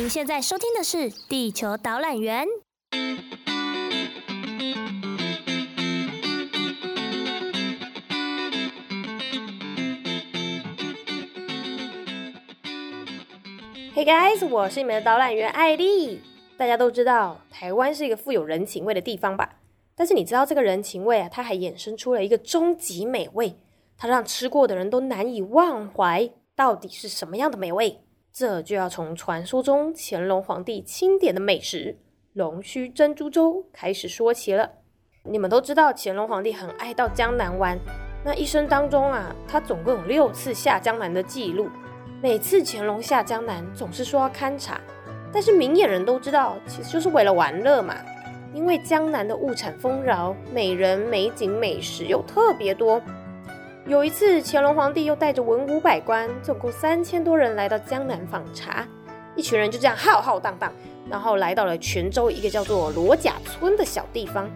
您現在收聽的是《地球導覽員》。Hey guys，我是你們的導覽員艾莉。大家都知道，台灣是一個富有人情味的地方吧？但是你知道，這個人情味啊，它還衍生出了一個終極美味，它讓吃過的人都難以忘懷。到底是什麼樣的美味？這就要從傳說中乾隆皇帝欽點的美食“龍鬚珍珠粥”開始說起了。你們都知道乾隆皇帝很愛到江南玩，那一生當中啊，他總共有六次下江南的記錄。每次乾隆下江南，總是說要勘察，但是明眼人都知道，其實就是為了玩樂嘛。因為江南的物產豐饒，美人、美景、美食又特別多。有一次，乾隆皇帝又帶着文武百官，總共三千多人來到江南訪查。一群人就這樣浩浩蕩蕩，然後來到了泉州一個叫做羅甲村的小地方。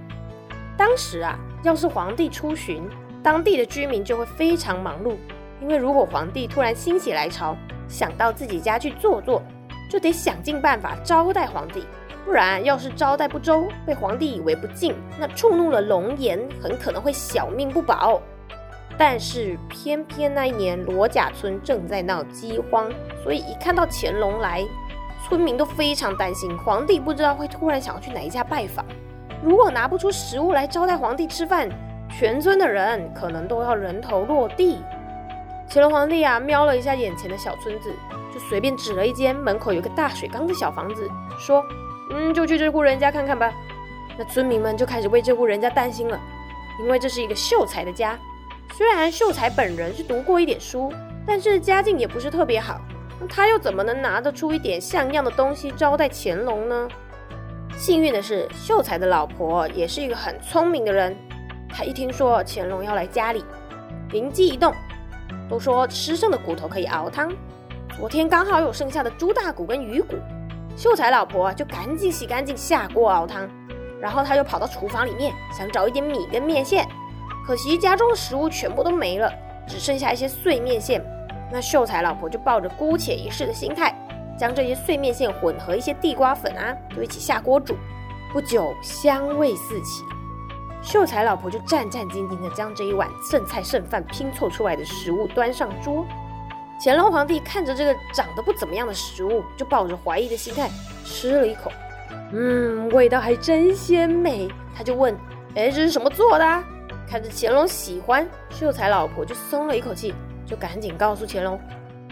當時啊，要是皇帝出巡，當地的居民就會非常忙碌，因為如果皇帝突然心血來潮想到自己家去坐坐，就得想盡辦法招待皇帝，不然要是招待不周，被皇帝以為不敬，那觸怒了龍顏，很可能會小命不保、哦。但是偏偏那一年羅家村正在鬧饑荒，所以一看到乾隆來，村民都非常擔心。皇帝不知道會突然想要去哪一家拜訪，如果拿不出食物來招待皇帝吃飯，全村的人可能都要人頭落地。乾隆皇帝啊，瞄了一下眼前的小村子，就隨便指了一間門口有個大水缸的小房子，說：“嗯，就去這戶人家看看吧。”那村民們就開始為這戶人家擔心了，因為這是一個秀才的家。雖然秀才本人是讀過一點書，但是家境也不是特別好，那他又怎麼能拿得出一點像樣的東西招待乾隆呢？幸運的是，秀才的老婆也是一個很聰明的人，她一聽說乾隆要來家裡，靈機一動，都說吃剩的骨頭可以熬湯，昨天剛好有剩下的豬大骨跟魚骨，秀才老婆就趕緊洗乾淨下鍋熬湯，然後她又跑到廚房裡面想找一點米跟麵線。可惜家中的食物全部都沒了，只剩下一些碎麵線。那秀才老婆就抱着姑且一試的心態，將這些碎麵線混合一些地瓜粉啊，就一起下鍋煮。不久，香味四起，秀才老婆就戰戰兢兢地將這一碗剩菜剩飯拼湊出來的食物端上桌。乾隆皇帝看着這個長得不怎麼樣的食物，就抱着懷疑的心態吃了一口，嗯，味道還真鮮美。他就問：“哎，這是什麼做的啊？”看着乾隆喜歡，秀才老婆就鬆了一口氣，就趕緊告訴乾隆，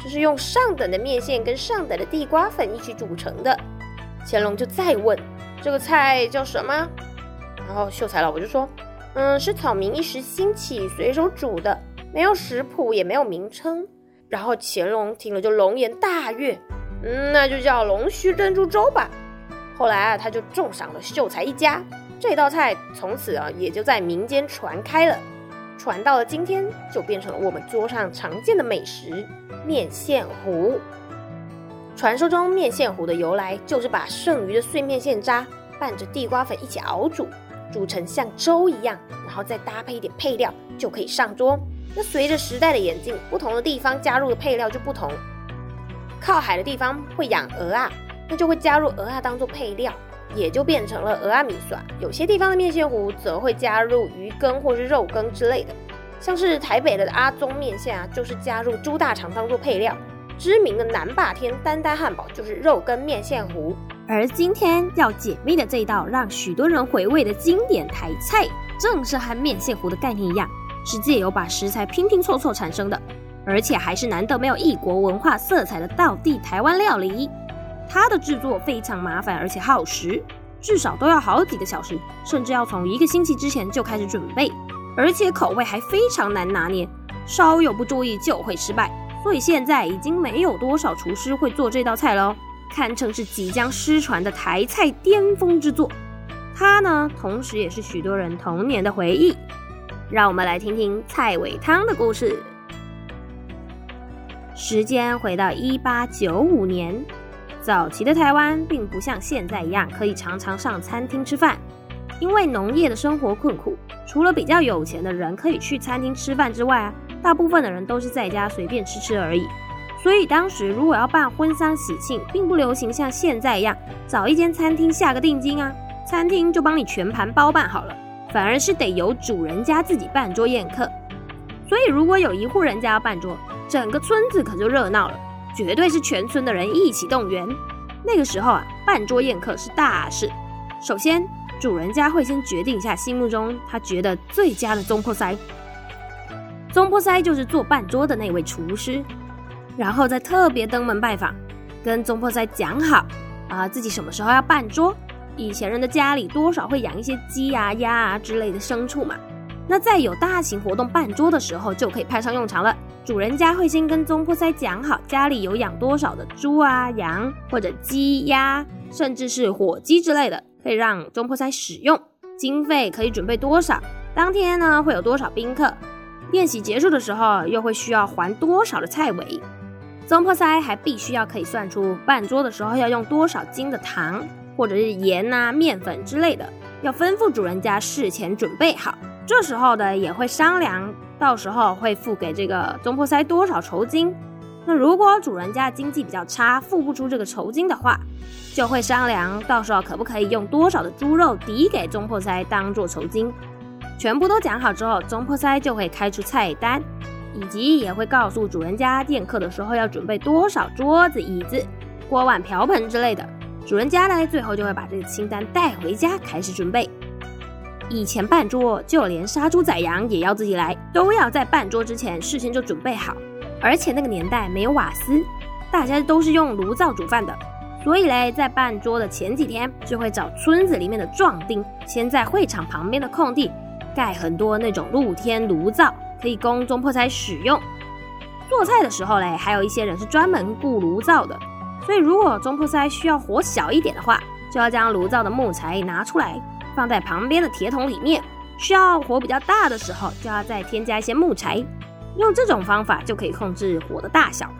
這是用上等的麵線跟上等的地瓜粉一起煮成的。乾隆就再問，這個菜叫什麼？然後秀才老婆就說，嗯，是草民一時興起隨手煮的，沒有食譜，也沒有名稱。然後乾隆聽了就龍顏大悅，嗯，那就叫龍鬚珍珠粥吧。後來啊，他就重賞了秀才一家。這道菜從此啊，也就在民間傳開了，傳到了今天，就變成了我們桌上常見的美食——麵線糊。傳說中麵線糊的由來，就是把剩餘的碎麵線渣，拌着地瓜粉一起熬煮，煮成像粥一樣，然後再搭配一點配料就可以上桌。那隨着時代的演進，不同的地方加入的配料就不同。靠海的地方會養蚵啊，那就會加入蚵啊當做配料。也就變成了鵝阿、啊、米酸，有些地方的麵線糊則會加入魚羹或是肉羹之類的，像是台北的阿宗麵線啊，就是加入豬大腸當做配料。知名的南霸天丹丹漢堡就是肉羹麵線糊，而今天要解密的這道讓許多人回味的經典台菜，正是和麵線糊的概念一樣，是借由把食材拼拼湊湊產生的，而且還是難得沒有異國文化色彩的道地台灣料理。它的製作非常麻煩，而且耗時，至少都要好幾個小時，甚至要從一個星期之前就開始準備，而且口味還非常難拿捏，稍有不注意就會失敗，所以現在已經沒有多少廚師會做這道菜了，堪稱是即將失傳的台菜巔峰之作。它呢，同時也是許多人童年的回憶。讓我們來聽聽菜尾湯的故事。時間回到一八九五年。早期的台灣並不像現在一樣可以常常上餐廳吃飯，因為農業的生活困苦，除了比較有錢的人可以去餐廳吃飯之外啊，大部分的人都是在家隨便吃吃而已。所以當時如果要辦婚喪喜慶，並不流行像現在一樣找一間餐廳下個定金啊，餐廳就幫你全盤包辦好了，反而是得由主人家自己辦桌宴客。所以如果有一戶人家要辦桌，整個村子可就熱鬧了。絕對是全村的人一起動員。那個時候啊，辦桌宴客是大事。首先，主人家會先決定一下心目中他覺得最佳的總舖師，總舖師就是做辦桌的那位廚師。然後再特別登門拜訪，跟總舖師講好啊、呃、自己什麼時候要辦桌。以前人的家裡多少會養一些雞啊、鴨啊之類的牲畜嘛，那在有大型活動辦桌的時候就可以派上用場了。主人家會先跟總鋪師講好，家裡有養多少的豬啊、羊或者雞、鴨，甚至是火雞之類的，可以讓總鋪師使用。經費可以準備多少？當天呢會有多少賓客？宴席結束的時候又會需要還多少的菜尾？總鋪師還必須要可以算出辦桌的時候要用多少斤的糖，或者是鹽吶、啊、麵粉之類的，要吩咐主人家事前準備好。這時候呢也會商量。到時候會付給這個總舖師多少酬金？那如果主人家經濟比較差，付不出這個酬金的話，就會商量到時候可不可以用多少的豬肉抵給總舖師當做酬金。全部都講好之後，總舖師就會開出菜單，以及也會告訴主人家宴客的時候要準備多少桌子、椅子、鍋碗瓢盆之類的。主人家呢，最後就會把這個清單帶回家開始準備。以前辦桌，就連殺豬宰羊也要自己來，都要在辦桌之前事先就準備好。而且那個年代沒有瓦斯，大家都是用爐灶煮飯的，所以嘞，在辦桌的前幾天，就會找村子裡面的壯丁，先在會場旁邊的空地蓋很多那種露天爐灶，可以供總鋪師使用。做菜的時候嘞，還有一些人是專門僱爐灶的，所以如果總鋪師需要火小一點的話，就要將爐灶的木材拿出來。放在旁邊的鐵桶裡面，需要火比較大的時候，就要再添加一些木柴。用這種方法就可以控制火的大小。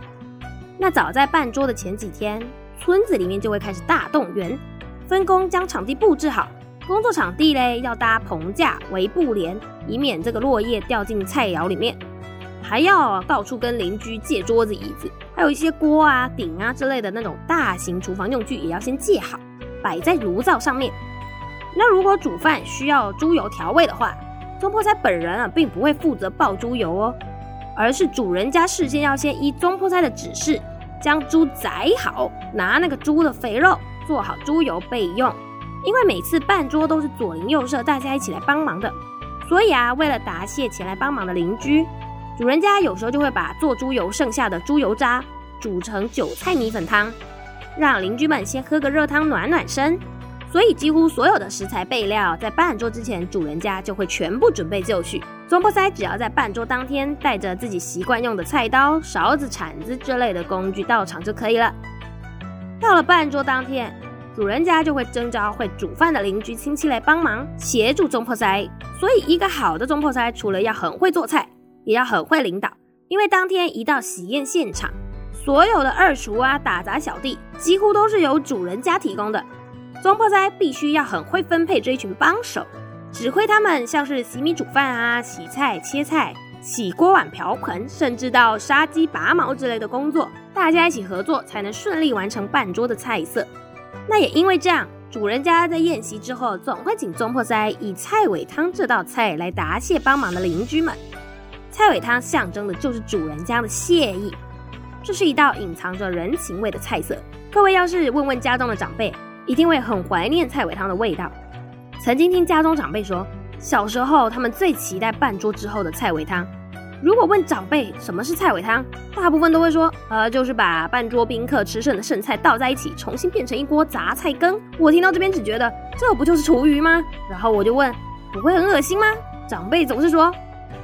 那早在辦桌的前幾天，村子裡面就會開始大動員，分工將場地布置好。工作場地嘞要搭棚架、圍布簾，以免這個落葉掉進菜肴裡面。還要到處跟鄰居借桌子、椅子，還有一些鍋啊、鼎啊之類的那種大型廚房用具，也要先借好，擺在爐灶上面。那如果煮飯需要豬油調味的話，總舖師本人啊並不會負責爆豬油哦，而是主人家事先要先依總舖師的指示，將豬宰好，拿那個豬的肥肉做好豬油備用。因為每次辦桌都是左鄰右舍大家一起來幫忙的，所以啊，為了答謝前來幫忙的鄰居，主人家有時候就會把做豬油剩下的豬油渣煮成韭菜米粉湯，讓鄰居們先喝個熱湯暖暖身。所以幾乎所有的食材備料在辦桌之前，主人家就會全部準備就緒。總鋪師只要在辦桌當天帶着自己習慣用的菜刀、勺子、鏟子之類的工具到場就可以了。到了辦桌當天，主人家就會徵召會煮飯的鄰居親戚來幫忙協助總鋪師。所以一個好的總鋪師除了要很會做菜，也要很會領導，因為當天一到喜宴現場，所有的二廚啊、打雜小弟幾乎都是由主人家提供的。總舖師必須要很會分配這一群幫手，指揮他們像是洗米煮飯啊、洗菜切菜、洗鍋碗瓢盆，甚至到殺雞拔毛之類的工作，大家一起合作才能順利完成半桌的菜色。那也因為這樣，主人家在宴席之後總會請總舖師以菜尾湯這道菜來答謝幫忙的鄰居們。菜尾湯象徵的就是主人家的謝意，這是一道隱藏着人情味的菜色。各位要是問問家中的長輩，一定會很懷念菜尾湯的味道。曾經聽家中長輩說，小時候他們最期待辦桌之後的菜尾湯。如果問長輩什麼是菜尾湯，大部分都會說，呃，就是把辦桌賓客吃剩的剩菜倒在一起，重新變成一鍋雜菜羹。我聽到這邊只覺得這不就是廚餘嗎？然後我就問，不會很噁心嗎？長輩總是說，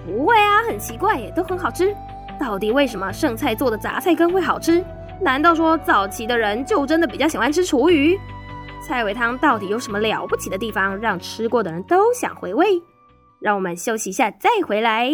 不會啊，很奇怪耶，都很好吃。到底為什麼剩菜做的雜菜羹會好吃？難道說早期的人就真的比較喜歡吃廚餘？菜尾湯到底有什麼了不起的地方，讓吃過的人都想回味？讓我們休息一下再回來。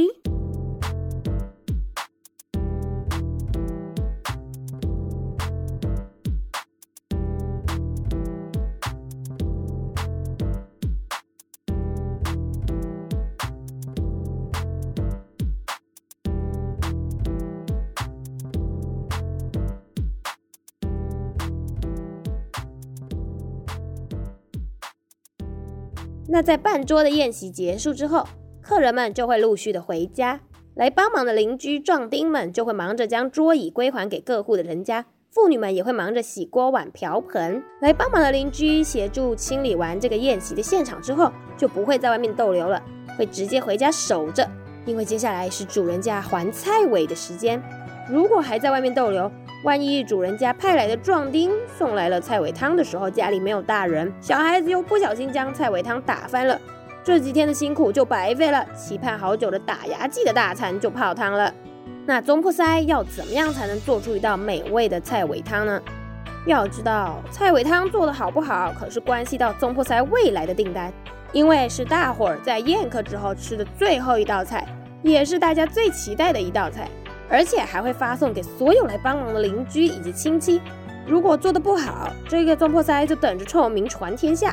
那在半桌的宴席結束之後，客人們就會陸續的回家。來幫忙的鄰居壯丁們就會忙着將桌椅歸還給各戶的人家，婦女們也會忙着洗鍋碗瓢盆。來幫忙的鄰居協助清理完這個宴席的現場之後，就不會在外面逗留了，會直接回家守着，因為接下來是主人家還菜尾的時間。如果還在外面逗留，萬一主人家派來的壯丁送來了菜尾湯的時候，家裡沒有大人，小孩子又不小心將菜尾湯打翻了，這幾天的辛苦就白費了，期盼好久的打牙祭的大餐就泡湯了。那總舖師要怎麼樣才能做出一道美味的菜尾湯呢？要知道菜尾湯做得好不好，可是關係到總舖師未來的訂單，因為是大夥兒在宴客之後吃的最後一道菜，也是大家最期待的一道菜。而且還會發送給所有來幫忙的鄰居以及親戚。如果做得不好，這個總舖師就等着臭名傳天下；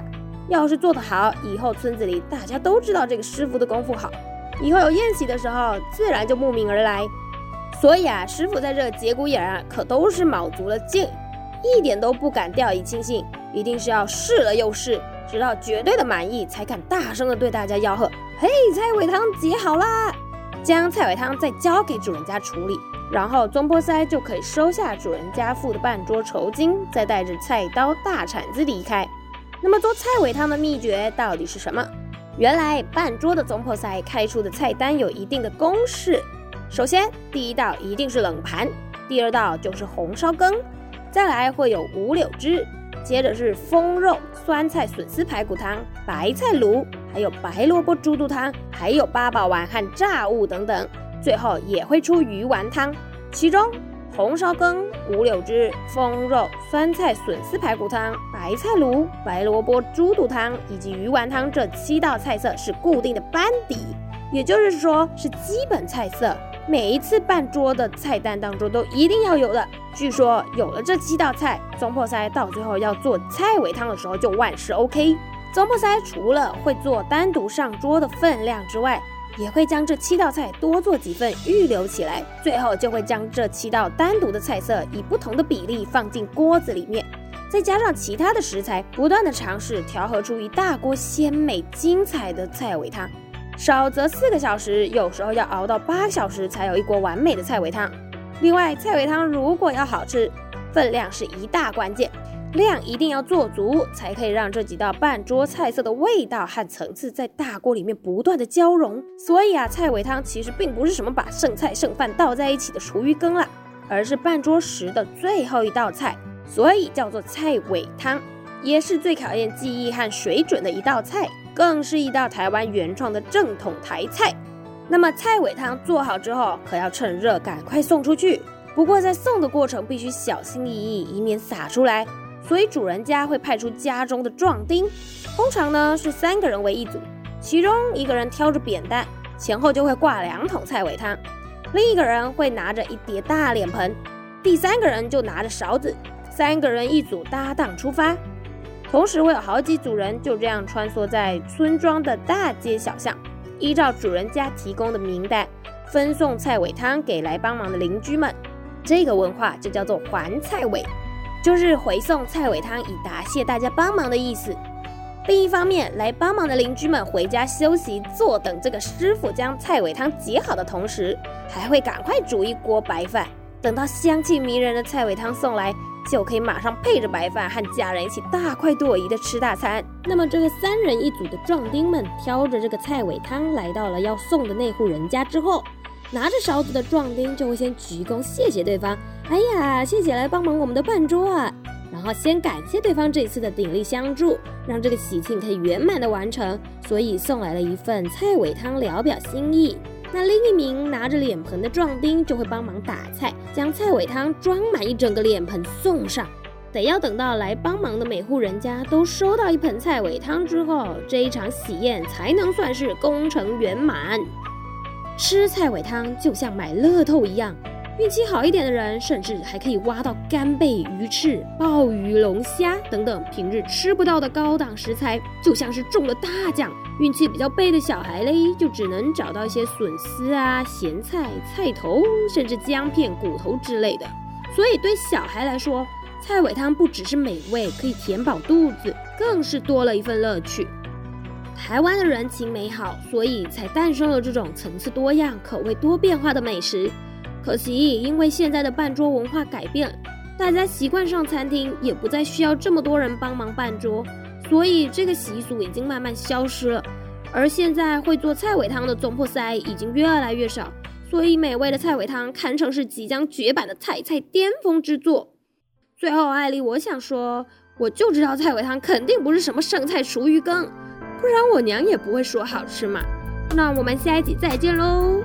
要是做得好，以後村子裡大家都知道這個師傅的功夫好，以後有宴席的時候自然就慕名而來。所以啊，師傅在這節骨眼兒啊，可都是卯足了勁，一點都不敢掉以輕心，一定是要試了又試，直到絕對的滿意才敢大聲的對大家吆喝：“嘿，菜尾湯結好啦！”將菜尾湯再交給主人家處理，然後總舖師就可以收下主人家付的半桌酬金，再帶着菜刀、大鏟子離開。那麼做菜尾湯的秘訣到底是什麼？原來半桌的總舖師開出的菜單有一定的公式。首先，第一道一定是冷盤，第二道就是紅燒羹，再來會有五柳枝，接着是風肉酸菜筍絲排骨湯、白菜滷。還有白蘿蔔豬肚湯，還有八寶丸和炸物等等，最後也會出魚丸湯。其中紅燒羹、五柳汁、封肉、酸菜筍絲排骨湯、白菜滷、白蘿蔔豬肚湯以及魚丸湯這七道菜色是固定的班底，也就是說是基本菜色，每一次辦桌的菜單當中都一定要有的。據說有了這七道菜，總鋪師到最後要做菜尾湯的時候就萬事 OK。總舖師除了會做單獨上桌的分量之外，也會將這七道菜多做幾份預留起來，最後就會將這七道單獨的菜色以不同的比例放進鍋子裡面，再加上其他的食材，不斷的嘗試調和出一大鍋鮮美精彩的菜尾湯。少則四個小時，有時候要熬到八小時才有一鍋完美的菜尾湯。另外，菜尾湯如果要好吃，分量是一大關鍵。量一定要做足，才可以讓這幾道辦桌菜色的味道和層次在大鍋裡面不斷的交融。所以啊，菜尾湯其實並不是什麼把剩菜剩飯倒在一起的廚餘羹啦，而是辦桌時的最後一道菜，所以叫做菜尾湯，也是最考驗技藝和水準的一道菜，更是一道台灣原創的正統台菜。那麼菜尾湯做好之後，可要趁熱趕快送出去。不過在送的過程必須小心翼翼，以免灑出來。所以主人家會派出家中的壯丁，通常呢是三個人為一組，其中一個人挑着扁擔，前後就會掛兩桶菜尾湯，另一個人會拿着一疊大臉盆，第三個人就拿着勺子，三個人一組搭檔出發。同時會有好幾組人就這樣穿梭在村莊的大街小巷，依照主人家提供的名單，分送菜尾湯給來幫忙的鄰居們。這個文化就叫做還菜尾。就是回送菜尾湯以答謝大家幫忙的意思。另一方面，來幫忙的鄰居們回家休息，坐等這個師傅將菜尾湯煮好的同時，還會趕快煮一鍋白飯。等到香氣迷人的菜尾湯送來，就可以馬上配着白飯和家人一起大快朵頤的吃大餐。那麼，這個三人一組的壯丁們挑着這個菜尾湯來到了要送的那戶人家之後，拿着勺子的壯丁就會先鞠躬謝謝對方。哎呀，謝謝來幫忙我們的辦桌啊，然後先感謝對方這次的鼎力相助，讓這個喜慶可以圓滿的完成，所以送來了一份菜尾湯聊表心意。那另一名拿着臉盆的壯丁就會幫忙打菜，將菜尾湯裝滿一整個臉盆送上。得要等到來幫忙的每戶人家都收到一盆菜尾湯之後，這一場喜宴才能算是功成圓滿。吃菜尾湯就像買樂透一樣。運氣好一點的人，甚至還可以挖到干貝、魚翅、鮑魚、龍蝦等等平日吃不到的高檔食材，就像是中了大獎。運氣比較背的小孩嘞，就只能找到一些筍絲啊、鹹菜、菜頭，甚至薑片、骨頭之類的。所以對小孩來說，菜尾湯不只是美味，可以填飽肚子，更是多了一份樂趣。台灣的人情美好，所以才誕生了這種層次多樣、口味多變化的美食。可惜，因為現在的辦桌文化改變，大家習慣上餐廳，也不再需要這麼多人幫忙辦桌，所以這個習俗已經慢慢消失了。而現在會做菜尾湯的總舖師已經越來越少，所以美味的菜尾湯堪稱是即將絕版的台菜巔峰之作。最後，艾莉，我想說，我就知道菜尾湯肯定不是什麼剩菜廚餘羹，不然我娘也不會說好吃嘛。那我們下一集再見嘍。